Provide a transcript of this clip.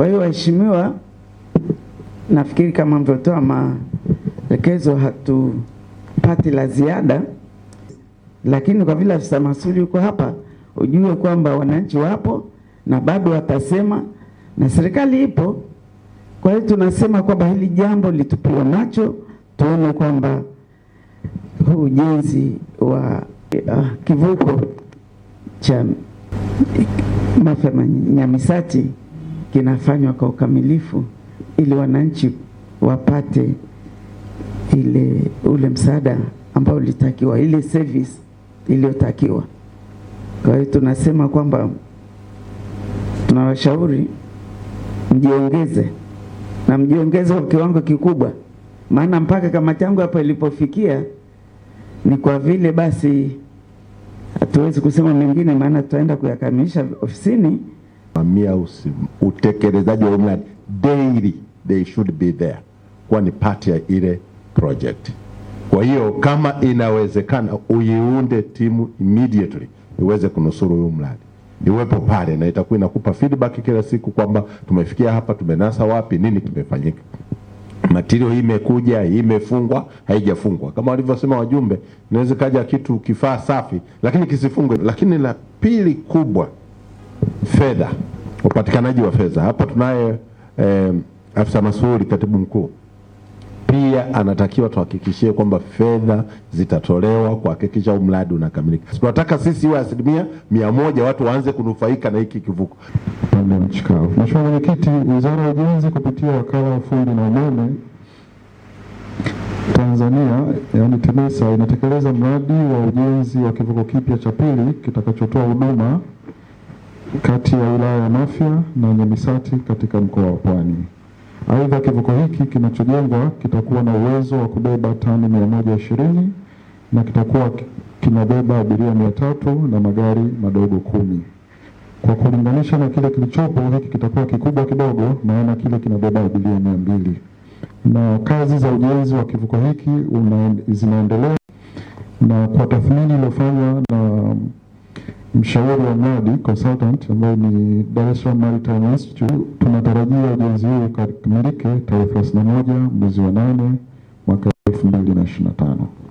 Kwa hiyo waheshimiwa, nafikiri kama mlivyotoa maelekezo, hatupati la ziada, lakini kwa vile afisa masuli yuko hapa, ujue kwamba wananchi wapo na bado watasema na serikali ipo. Kwa hiyo tunasema kwamba hili jambo litupiwe macho, tuone kwamba huu ujenzi wa uh, kivuko cha Mafia Nyamisati kinafanywa kwa ukamilifu ili wananchi wapate ile ule msaada ambao ulitakiwa, ile service iliyotakiwa. Kwa hiyo tunasema kwamba tunawashauri mjiongeze na mjiongeze kwa kiwango kikubwa, maana mpaka kamati yangu hapa ilipofikia ni kwa vile basi, hatuwezi kusema mengine, maana tutaenda kuyakamilisha ofisini kusimamia utekelezaji wa mradi daily, they should be there, kuwa ni part ya ile project. Kwa hiyo kama inawezekana uiunde timu immediately iweze kunusuru huyu mradi iwepo pale na itakuwa inakupa feedback kila siku kwamba tumefikia hapa, tumenasa wapi, nini kimefanyika, matirio hii imekuja, imefungwa, haijafungwa. Kama walivyosema wajumbe, inaweza kaja kitu kifaa safi, lakini kisifungwe. Lakini la pili kubwa, fedha upatikanaji wa fedha. Hapa tunaye eh, afisa masuhuri katibu mkuu pia anatakiwa tuhakikishie kwamba fedha zitatolewa kuhakikisha huu mradi unakamilika. Tunataka sisi iwe asilimia mia moja watu waanze kunufaika na hiki kivuko. Mheshimiwa Mwenyekiti, Wizara ya Ujenzi kupitia wakala wa ufundi na umeme Tanzania yani TEMESA inatekeleza mradi wa ujenzi wa kivuko kipya cha pili kitakachotoa huduma kati ya wilaya ya Mafia na Nyamisati katika mkoa wa Pwani. Aidha, kivuko hiki kinachojengwa kitakuwa na uwezo wa kubeba tani 120 na kitakuwa kinabeba abiria 300 na magari madogo kumi. Kwa kulinganisha na kile kilichopo, hiki kitakuwa kikubwa kidogo, maana kile kinabeba abiria 200. Na kazi za ujenzi wa kivuko hiki zinaendelea na kwa tathmini iliyofanywa na mshauri wa mradi consultant ambaye ni Dar es Salaam Maritime Institute. Tunatarajia ujenzi huu ukamilike tarehe 31 mwezi wa 8 mwaka 2025.